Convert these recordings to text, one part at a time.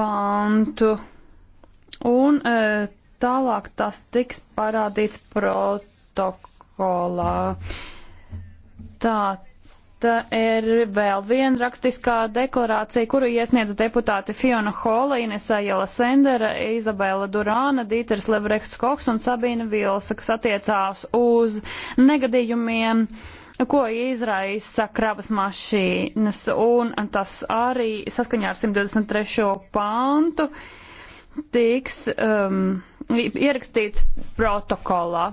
pantu. Un e, tālāk tas tiks parādīts protokolā. Tā Tā ir vēl viena rakstiskā deklarācija, kuru iesniedz deputāti Fiona Hola, Inesa Jela Sendera, Izabela Durāna, Dīters Lebrechts Koks un Sabīna Vilsa, kas attiecās uz negadījumiem. Uh, ko izraisa kravas mašīnas, un tas arī saskaņā ar 123. pāntu tiks um, ierakstīts protokolā.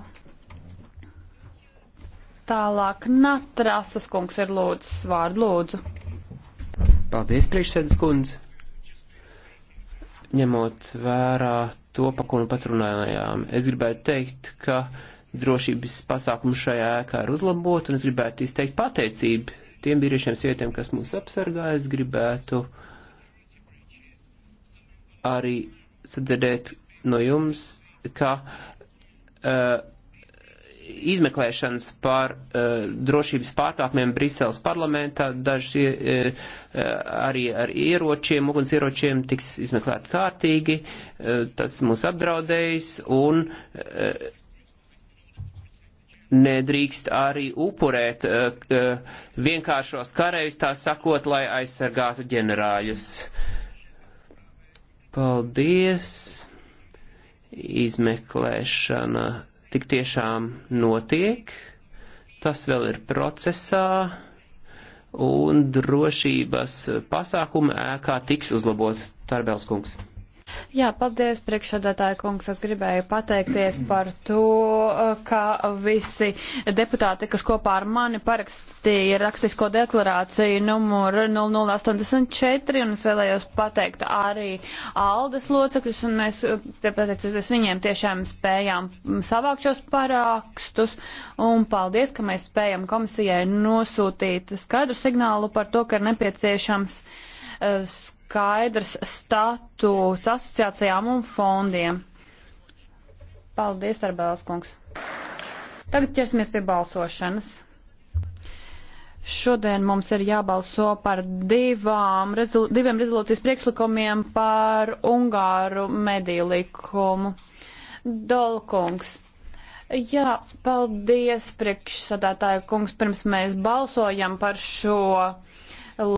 Tālāk Natrasas kungs ir lūdzis vārdu lūdzu. Paldies, priekšsēdus kundze. Ņemot vērā to, pa ko nu pat runājām, es gribētu teikt, ka uh, drošības pasākumu šajā ēkā ir uzlabot, un es gribētu izteikt pateicību tiem vīriešiem sievietēm, kas mūs apsargājas, gribētu arī sadzirdēt no jums, ka uh, izmeklēšanas par uh, drošības pārkāpumiem Briseles parlamentā, daži uh, arī ar ieročiem, uguns ieročiem tiks izmeklēti kārtīgi, uh, tas mūs apdraudējis un uh, nedrīkst arī upurēt eh, eh, vienkāršos kareivs, tā sakot, lai aizsargātu ģenerāļus. Paldies! Izmeklēšana tik tiešām notiek, tas vēl ir procesā, un drošības pasākuma ēkā tiks uzlabot Tarbelskungs. Jā, paldies, priekšsādātāja kungs. Es gribēju pateikties par to, ka visi deputāti, kas kopā ar mani parakstīja rakstisko deklarāciju numuru 0084, un es vēlējos pateikt arī Aldes locekļus, un mēs, te pateicoties viņiem, tiešām spējām savākt šos parākstus, un paldies, ka mēs spējam komisijai nosūtīt skaidru signālu par to, ka ir nepieciešams uh, Eh, skaidrs statūts asociācijām un fondiem. Paldies, Arbēlas kungs. Tagad ķersimies pie balsošanas. Šodien mums ir jābalso par divām, rezol, diviem rezolūcijas priekšlikumiem par Ungāru mediju likumu. Dolkungs. Jā, paldies priekšsadātāja kungs, pirms mēs balsojam par šo uh,